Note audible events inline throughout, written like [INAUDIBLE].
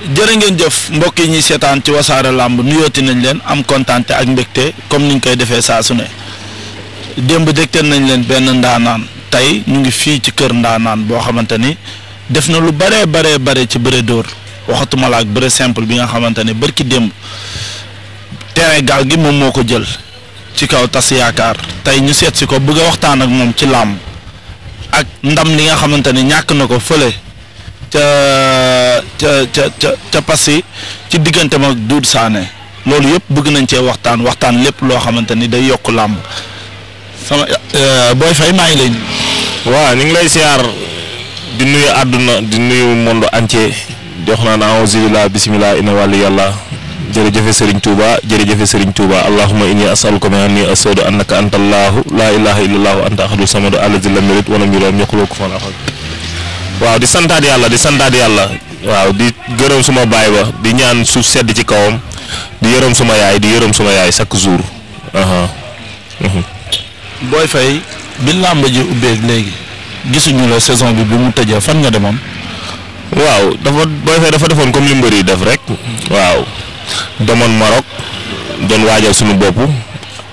jërë ngeen jëf mbokk ñuy seetaan ci wasaare làmb nuyooti nañ leen am kontaan ak mbégte comme niñ koy defee saa su ne démb dégteel nañ leen benn ndaanaan tey ñu ngi fii ci kër ndaanaan boo xamante ni def na lu baree baree bare ci bëre door waxatuma la ak bëre simple bi nga xamante ne bërki démb terrain gaal gi moom moo ko jël ci kaw tas yaakaar tey ñu seet si ko bëgg a waxtaan ak moom ci làmb ak ndam li nga xamante ne ñàkk na ko fële. ca ca ca ca ca ci diggante mag Doudou Sané loolu yëpp bëgg nañ cee waxtaan waxtaan lépp loo xamante ni day yokk làmb sama euh, booy fay maa ngi lay. waaw ñu ngi lay siyaar di nuyu àdduna di nuyu monde entier jox naa naa auzubillah bismillah inna wàll yàlla jërëjëfe Serigne Touba jërëjëfe Serigne Touba allahumma inni as'aluka min anni as'adu annaka anta allahu la ilaha illa allahu anta ahadu samadu allazi lam yalid wa lam yulad wa lam yakul lahu kufuwan ahad waaw di santaat yàlla di santaat yàlla waaw di gërëm suma baay ba di ñaan suuf sedd ci kawam di yërëm suma yaay di yërëm suma yaay chaque jour. Uh-huh. Uh-huh. Boy fay bi làmb ji léegi gisuñu la saison bi bu mu tëjee fan nga demoon. waaw dafa Boy Faye dafa defoon comme li mbër yi def rek. waaw demoon Maroc doon waajal suñu bopp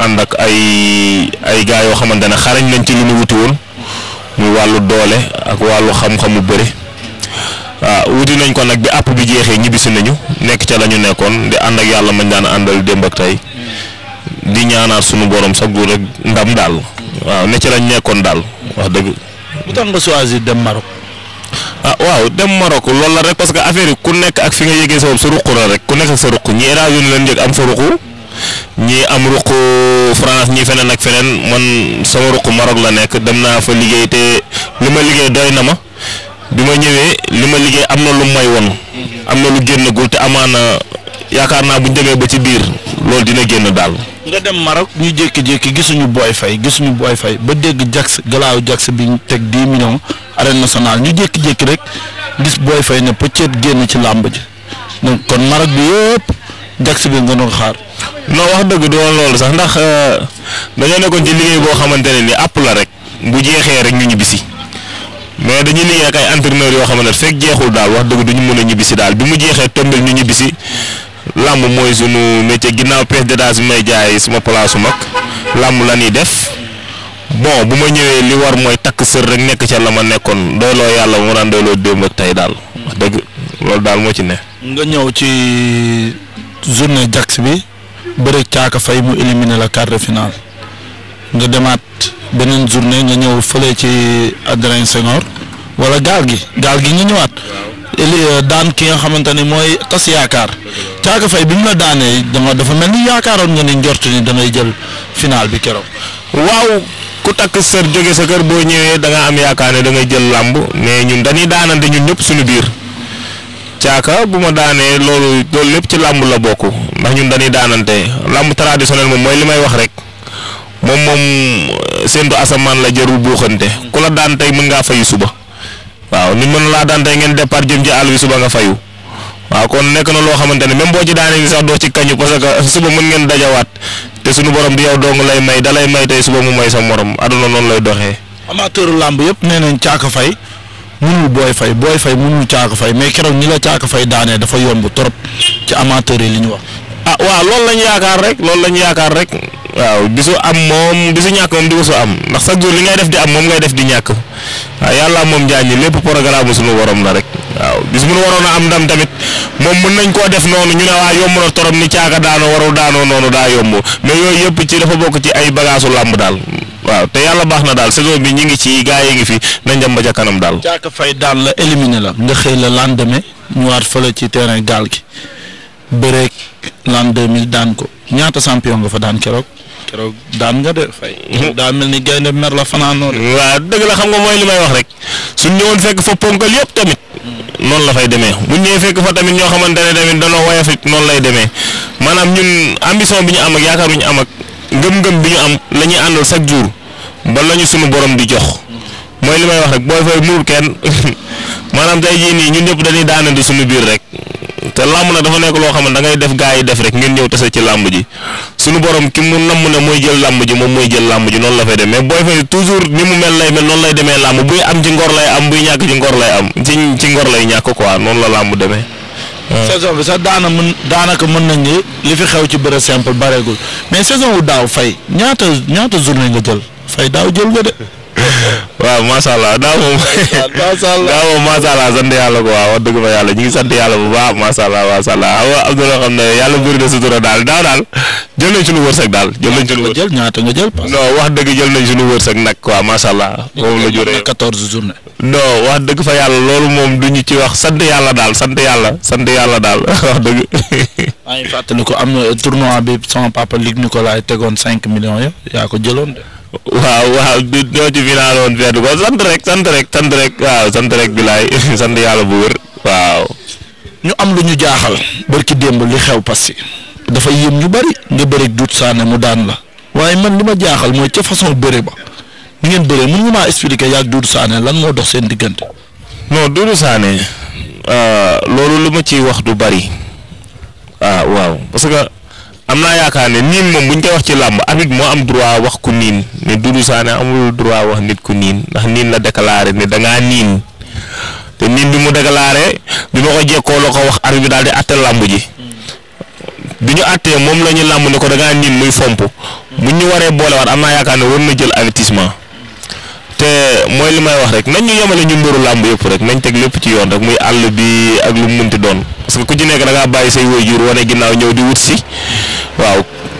ànd ak ay ay gars yoo xamante ne xarañ nañ ci lu mu wuti woon. muy wàllu doole ak wàllu xam-xamu bëri waaw ah, wuti nañ ko nag bi àpp bi jeexee ñibbisi nañu nekk ca la ñu nekkoon di ànd ak yàlla mañ daan àndal démb ak tey di ñaanaat sunu borom sax du rek ndam daal waaw ne ca lañ nekkoon daal wax dëgg. lu nga choisir dem Maroc. ah waaw dem Maroc loolu la rek parce que affaire yi ku nekk ak fi nga yëgee sa bopp sa ruq la rek ku nekk sa ruq ñi leen yëg am sa ruq. ñii am ruq France ñii feneen ak feneen man sama ruq Maroc la nekk dem naa fa liggéey te li ma liggéey doy na ma bi ma ñëwee li ma liggéey am na lu may woon am na lu génn génnagul te amaana yaakaar naa bu njëgee ba ci biir loolu dina génn daal. nga dem Maroc ñu jékki-jékki gisuñu booy fay gisuñu booy fay ba dégg Jax galaaw Jax bi teg 10 millions arène national ñu jékki-jékki rek gis booy fay ne peut génn ci làmb ji donc kon Maroc bi yëpp Jax bi nga doon non wax dëgg du woon loolu sax ndax euh, dañoo nekkoon ci liggéey boo xamante ne ni àpp la rek bu jeexee rek ñu ñibbisi mais dañuy liggéey ak ay yoo xamante ne fekk jeexul daal wax dëgg duñu mën a ñibbisi daal bi mu jeexee tombel ñu ñibbisi làmb mooy sunu métier ginnaaw pièce détachée bi may jaay suma place su mag làmb la ñuy def bon bu ma ñëwee li war mooy takk sër rek nekk ca la ma nekkoon doyloo yàlla ma daan doyloo démb ak tey daal dëgg loolu daal moo ci ne. nga ñëw ci journée Jaks bi. bëre caaka fay mu éliminé la quart de finale nga demaat beneen journée nga ñëw fële ci Adrien Senghor wala gaal gi gaal gi nga ñëwaat. Euh, daan ki nga xamante ne mooy tas yaakaar caaka fay bi mu la daanee dama dafa mel ni yaakaaroon nga ni njort ni dangay jël final bi keroog. waaw ku takk sër jóge sa kër boo ñëwee da nga am yaakaar ne da ngay jël làmb mais ñun dañuy daanante ñun ñëpp suñu biir. caaka bu ma daanee loolu loolu lépp ci làmb la bokk ndax ñun dañuy daanante làmb traditionnel moom mooy li may wax rek moom moom séntu asamaan la jarul buuxante ku la daan tey mën ngaa fayu suba waaw nit mën laa daan tey ngeen départ jëm ci àll bi suba nga fayu waaw kon nekk na loo xamante ne même boo ci daanee ni sax doo ci kañu parce que suba mën ngeen dajawaat te suñu borom di yow dong lay may dalay may tey suba mu may sa morom aduna noonu lay doxee. amateur làmb yëpp nee nañ caaka fay. mënul booy fay booy fay mënul caaka fay mais keroog ñi la caaka fay daanee dafa yomb trop ci amateur yi li ñu wax. ah waaw loolu lañu yaakaar rek loolu lañu yaakaar rek waaw bisu am moom bisu ñàkk moom di ko su am ndax chaque jour li ngay def di am moom ngay def di ñàkk yàlla moom jaay ñi lépp programme suñu borom la rek waaw bis bu waroon a am ndam tamit moom mën nañ koo def noonu ñu ne waa yomb na torop ni caaka daanoo waru daanoo noonu daa yomb mais yooyu yëpp ci dafa bokk ci ay bagaasu làmb daal waaw te yàlla baax na daal saison bi ñu ngi ci gaa yi ngi fi nañ dem ba ca kanam daal. caaka fay daan la éliminé la. nga xëy la lendemain ñëwaat fële ci terrain gaal gi bëreeg l'an 2000 daan ko ñaata champion nga fa daan keroog. keroog daan nga de fay. daa mel ni gaynde mer la fanaanoo waaw dëgg la xam nga mooy li may wax rek suñ ñëwoon fekk fa ponkal yëpp tamit. noonu la fay demee bu ñëwee fekk fa tamit ñoo xamante ne tamit dañoo woyof it noonu lay demee maanaam ñun ambition bi ñu am ak yaakaar bi ñu am ak ngëm-ngëm bi ñu am la ñuy àndal chaque jour. ba lañu sunu borom di jox mooy li may wax rek booy fay muur kenn [LAUGHS] maanaam tey jii nii ñun ñëpp dañuy daanandi sunu biir rek te làmb nag dafa nekk loo xam ne da ngay def gaa yi def rek ngeen ñëw tase ci làmb ji sunu borom ki mu namm ne mooy jël làmb ji moom mooy jël làmb ji noonu la fay demee booy fay toujours ni mu mel lay mel noonu lay demee làmb buy am ci lay am buy ñàkk ci ngor lay am ci ci ngor lay ñàkk quoi noonu la làmb demee. saison bi sax daana mën daanaka mën nañ ni li fi xew ci bëre simple bareegul mais saison wu daaw fay ñaata ñaata journée nga jël. fay daaw jël nga de. waaw macha allah daaw moom. [LAUGHS] macha allah daaw yàlla ko waaw wax dëgg fa yàlla ñu ngi sant yàlla bu baax macha allah macha allah am na xam ne yàlla bëri na sutura daal daaw daal jël nañ suñu wërsëg daal. jël nañ suñu wërsëg ñaata nga jël non wax dëgg jël nañ suñu wërsëg nag quoi macha allah. moom la juree 14 journée. non wax dëgg fa yàlla loolu moom du ñu ci wax sant yàlla daal sant yàlla sant yàlla daal [LAUGHS] wax dëgg. maa ngi ko am na tournoi bi sama papa Ligue Nicolas tegoon 5 million ya yaa ko jëloon de. waaw waaw du ñoo ci final woon feetu ko sant rek sant rek sant rek waaw sant rek bilaay [LAUGHS] sant yàlla bu wér waaw. ñu am lu ñu jaaxal. barki démb li xew Passy. dafa yéem ñu bari. nga bëri duut saane mu daan la. waaye man li ma jaaxal mooy ca façon bëre ba. ni ngeen bëree mën nga maa expliquer yaa Doudou Sané lan moo dox seen diggante. non Doudou Sané euh, loolu lu ma ciy wax du bari ah, waaw parce que am naa yaakaar ne niin moom bu ñu koy wax ci làmb arbitre moo am droit wax ku niin ne Doudou Sané amul droit wax nit ku niin ndax niin la déclaré ne dangaa ngaa niin te niin bi mu déclaré bi ma ko jekkoo la ko wax bi daal di àtte làmb ji bi ñu àttee moom la ñu làmb ne ko da ngaa niin muy fomp bu ñu waree boolewaat am naa yaakaar ne war na jël avertissement te mooy li may wax rek nañ ñu yemale ñu mbëru làmb yëpp rek nañ teg lépp ci yoon rek muy àll bi ak lu mu munti doon. parce que ku ci nekk da ngaa bàyyi say waajur wane ginnaaw ñëw di wut si waaw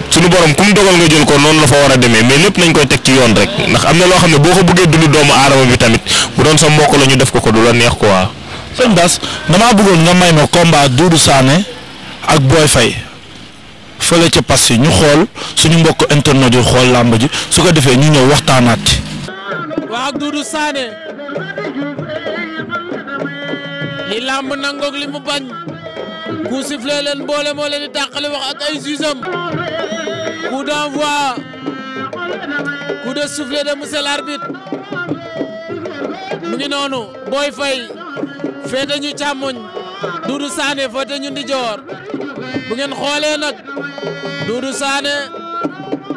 suñu boroom ku mu dogal nga jël ko noonu la fa war a demee mais lépp nañ koy teg ci yoon rek ndax am na loo xam ne boo ko bëggee dund doomu aadama bi tamit bu doon sa mbokk la ñu def ko ko du la neex quoi. sëñ Bass damaa bëggoon nga may ma combat Doudou Sané ak booy fay fële ca Passy ñu xool suñu mbokk internet yi xool làmb ji su ko defee ñu ñëw waxtaanaat ci. waa ak Doudou Sané li mu bañ. ku sifflé leen boole moo leen di tàqale wax ak ay jugeam coup d'envoi coup de sifflet de monsieur l'arbitre mu ngi noonu Boy Faye féete ñu càmmoñ Doudou Sané féete ñu ndijoor bu ngeen xoolee nag Doudou Sané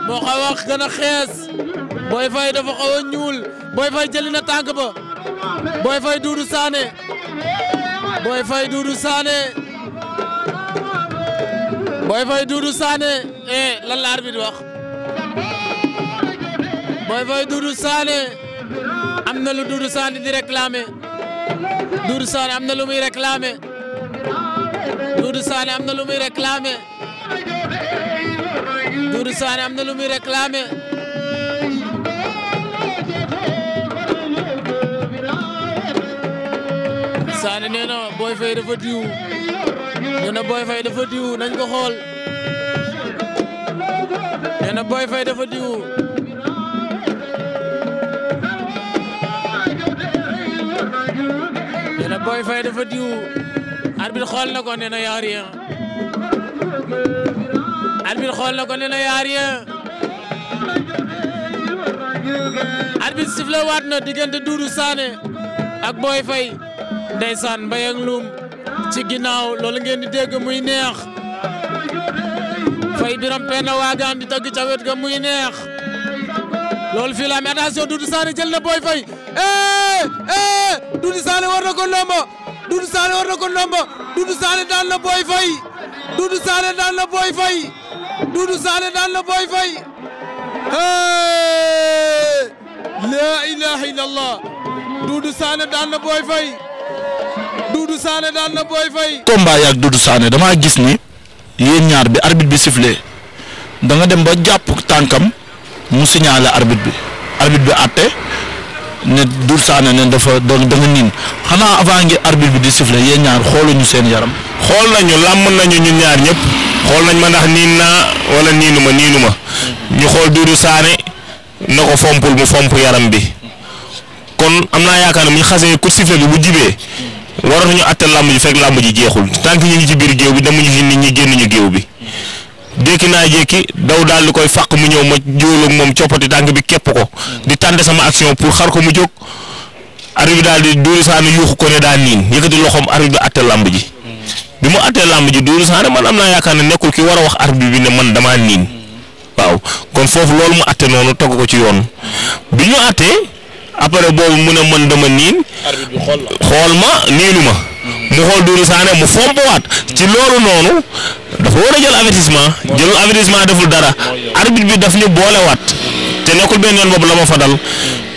moo xaw a gën a xees Boy Faye dafa xaw a ñuul Boy Faye jëli na tànk ba Boy Faye Doudou Sané Boy Faye Doudou Sané Boy Faye Doudou Sané eh lan la arbitre wax Boy Faye Doudou Sané am na lu Doudou Sané di réclamer Doudou Sané am na lu muy réclamer Doudou Sané am na lu muy réclamer Doudou Sané am na lu muy réclamer diw ñu booy Boy Faye dafa diw nañ ko xool nee na Boy Faye dafa diw nee na xool na ko nee na yaa rien arbitre xool na ko nee na yaa rien arbitre sifflé waat na diggante Doudou Sané ak Boy Faye ndeysaan Mbayang Loum ci ginnaaw loolu ngeen di dégg muy neex fay biram penn waagaan di tagg ca ga muy neex loolu fii la am attention Doudou jël na Boy Faye eh eh Doudou Sané war na ko ndombo Doudou Sané war na ko ndombo Doudou Sané daan na Boy Faye Doudou Sané daan na Boy Faye Doudou Sané daan na Boy Faye eh na Boy Faye Doudou Sané daan na Boy Faye. combat yaag Doudou Sané damaa gis ni yéen ñaar bi arbitre bi sifflé da nga dem ba jàpp tànkam mu signalé arbit bi arbitre bi àtte ne Doudou Sané ne dafa da nga niin xanaa avant ngir arbitre bi di sifflé yéen ñaar xooluñu seen yaram. xool nañu làmb nañu ñun ñaar ñëpp xool nañ ma ndax niin naa wala niinu ma niinu ma ñu xool Doudou Sané na ko fompul mu fomp yaram bi kon am naa yaakaar ne bu ñu xasee coup bi bu jibee waroon ñu àtte làmb ji fekk làmb ji jeexul tànk ñu ngi ci biir géew bi demuñu fi nit ñi génnuñu géew bi jékki naa jékki daw daal di koy fàq mu ñëw ma jiwaloog moom coppati tànk bi képp ko di tànte sama action pour xar ko mu jóg arbitre bi daal di Doudou Sané yuuxu ko ne daa niin yëkkati loxoom arbitre bi àtte làmb ji bi mu àttee làmb ji Doudou Sané man am naa yaakaar ne nekkul ki war a wax arbitre bi ne man damaa niin waaw kon foofu loolu mu àtte noonu togg ko ci yoon bi ñu àttee après boobu mu ne man dama niin arbitre bi xool xool ma niilu ma. mu xool Doudou Sané mu fompawaat ci loolu noonu dafa war a jël avertissement jëlul avertissement deful dara arbitre bi daf ñu boolewaat te nekkul benn yoon boobu la ma fa dal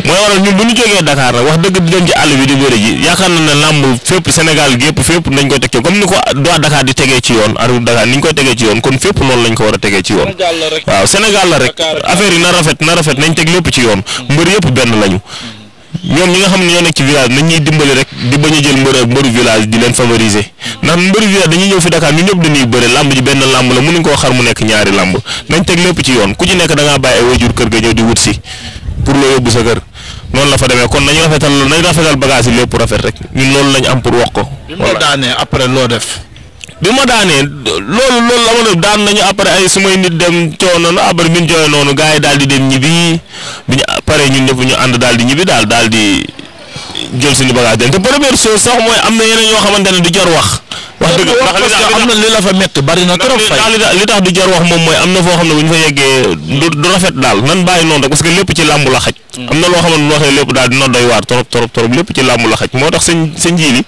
mooy waral ñun bu ñu jógee wax dëgg di dem ci àll bi di bëri ji yaakaar na ne làmb fépp Sénégal gépp fépp nañ koy teg ci comme ni ko doit Dakar tegee ci yoon arbitre Dakar ni ñu koy tegee ci kon fépp noonu lañ ko war a tegee ci yoon waaw Sénégal la rek affaire yi na rafet na rafet nañ teg lépp ci yoon hmm. mbër yëpp benn lañu ñoom ñi nga xam ne ñoo nekk ci village nañ ñuy dimbali rek di bañ a jël mbër mbëru village di leen favoriser ndax mbëru village dañuy ñëw fi Dakar ñu ñëpp dañuy bëre làmb ji benn làmb la mënuñ koo xar mu nekk ñaari làmb nañ teg lépp ci yoon ku ci nekk da ngaa bàyyi ay wajur kër ga ñëw di wut si pour loo yóbbu sa kër noonu la fa demee kon nañu rafetal nañu rafetal bagage yi lépp rafet rek ñun loolu lañ am pour wax ko. voilà bi mu la daanee def. bi ma daanee loolu loolu la ma def daan nañu après ay sumay nit dem coow noonu après bi ñu coow noonu gars yi daal di dem ñibbi bi ñu pare ñun ñëpp ñu ànd daal di ñibbi daal daal di. jël suñu bagage dem te première chose sax mooy am na yeneen yoo xamante ne du jar wax. wax dëgg ndax li am na li la fa métti bari na trop fay li tax du jar wax moom mooy am na foo xam ne bu ñu fa yeggee du rafet daal nan bàyyi noonu rek parce que lépp ci làmb la xaj. Mm. am na loo xam waxee lépp daal dina doy waar trop trop trop lépp ci làmb la xaj moo tax sëñ sëñ mm.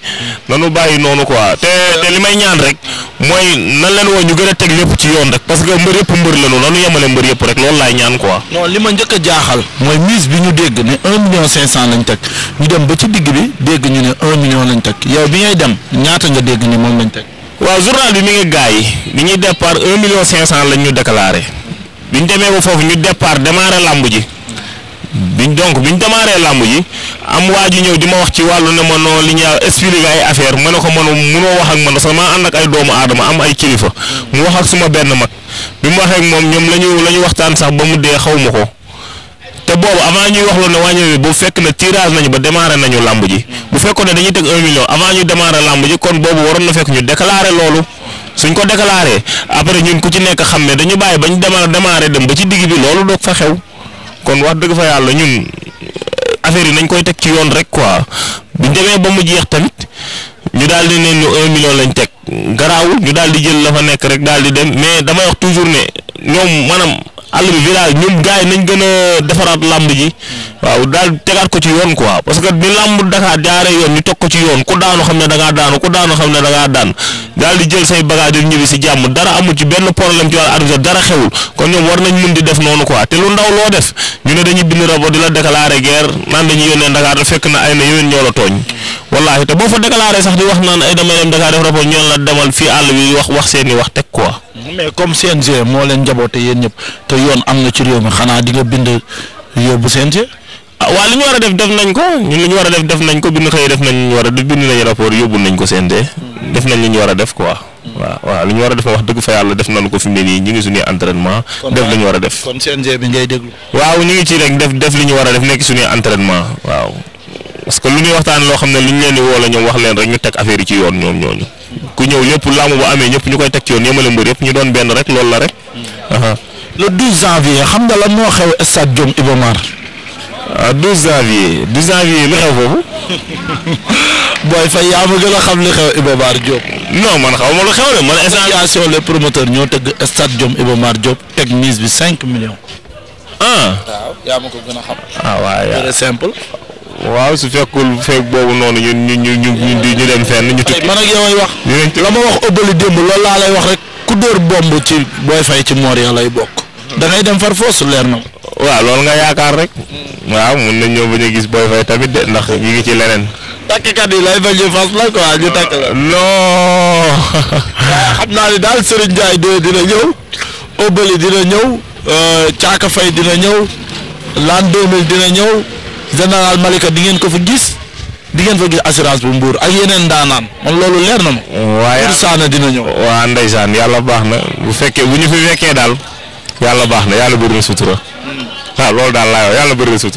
nanu bàyyi noonu quoi te te li may ñaan rek. mooy nan leen woo ñu gën a teg lépp ci yoon rek parce que mbër yëpp mbër la ñu nanu yemale mbër yëpp rek loolu laay ñaan quoi. non li ma njëkk a jaaxal mooy mise bi ñu dégg ne un million cinq cent lañ teg ñu dem ba ci digg bi dégg ñu ne un million lañ teg yow bi ngay dem ñaata nga dégg ne moom lañ teg. waaw journal bi mi ngi gaa yi bi ñuy départ un million cinq cent lañ ñu déclaré bi ñu demee ba foofu ñu départ démarré lamb ji. biñ donc ñu démarré làmb ji am waa ji ñëw di ma wax ci wàllu na ma noo li ñu expliqué ay affaire ma ne ko man munoo wax ak man sax maa ànd ak ay doomu aadama am ay kilifa mu wax ak suma benn mag bi mu waxee ak moom ñoom la ñu la ñu waxtaan sax ba mu dee xaw ma ko te boobu avant ñuy wax loolu ne wàññi bi bu fekk na tirage nañu ba démarré nañu làmb ji bu fekkoon ne dañuy teg un million avant ñu démarré làmb ji kon boobu waroon na fekk ñu déclaré loolu. suñ ko déclaré après ñun ku ci nekk xam ne dañu bàyyi bañ démarré dem ba ci digg bi loolu doog fa kon wax dëgg fa yàlla ñun affaire yi nañ koy teg ci yoon rek quoi bu demee ba mu jeex tamit ñu daal di ne ñu un million lañ teg garaawul ñu daal di jël la fa nekk rek daal di dem mais damay wax toujours ne ñoom maanaam àll bi village ñun gars yi nañ gën a defaraat làmb ji waaw daal tegaat ko ci yoon quoi parce que ni làmb Dakar jaaree yoon ñu teg ko ci yoon ku daanu xam ne da ngaa daanu ku daanu xam ne da daan daal di jël say bagage ñibbi si jàmm dara amul ci benn problème ci wàllu arbitre dara xewul kon ñoom war nañ mun di def noonu quoi te lu ndaw loo def ñu ne dañuy bind rapport di la déclarer guerre naan dañuy yónnee Dakar fekk na ay na yéen ñoo la wallaahi te boo fa déclaré sax di wax naan ay damay dem Dakar def rapport ñoon la demal fii àll bi wax wax seen wax teg ko comme CNG moo leen njaboote yéen ñëpp te yoon am na ci réew mi xanaa di nga bind yóbbu CNG. ah waaw li ñu war a def def nañ ko ñun li ñu war a def nañ ko bind xëy def nañ ñu war a bind nañ rapport yóbbu nañ ko CNG. def nañ li ñu a def quoi. waaw waaw li ñu war a def wax dëgg fa yàlla def nañu ko fi mu ne nii ñu ngi suñuy entraînement. def li ñu war a def kon bi ngay déglu. waaw ñu ngi ci rek def def li ñu war a def nekk suñuy entraînement waaw parce que lu ñuy waxtaan loo xam ne lu ñu leen di woo la ñoom wax leen rek ñu teg affaire yi ci yoon ñoom ñooñu. ku ñëw lépp laamu bu amee ñëpp ñu koy teg ci yoon yemale mbër yëpp ñu doon benn rek loolu la rek. le 12 janvier xam nga lan moo xew stade Diop Iba Mar. ah 12 janvier 12 janvier lu xew foofu. [LAUGHS] booy fay yaa ma gën a xam li xew Iba Mar Diop. man xaw ma lu xew de man. association les promoteurs ñoo teg stade Diop Iba Mar Diop teg mise bi cinq millions. ah waaw su fekkul fekk boobu noonu ñu ñu ñu ñu ñu dem fenn ñu tukki. man a yow ay wax. la ma wax ëbbali démb loolu laa lay wax rek ku dóor bomb ci booy fay ci moor ya lay bokk. dangay dem far foos leer na. waaw loolu nga yaakaar rek. waaw mun nañ ñëw ba ñu gis booy fay tamit de ndax ñu ngi ci leneen. takkikat yi lay fay fas la quoi ñu takk la. Uh, non. [LAUGHS] xam naa ne daal Serigne Ndiaye de dina ñëw ëbbali dina ñëw. Caaka uh, Fay dina ñëw. L'an 2000 dina ñëw. général Malika di ngeen ko fa gis di ngeen fa gis assurance bu mbuur ak yeneen daanaan man loolu leer na ma. waaye saana dina ñëw. waa ndeysaan yàlla baax na bu fekkee bu ñu fi fekkee daal yàlla baax na yàlla bëri na sutura waaw hmm. ah, loolu daal laa yor yàlla bëri sutura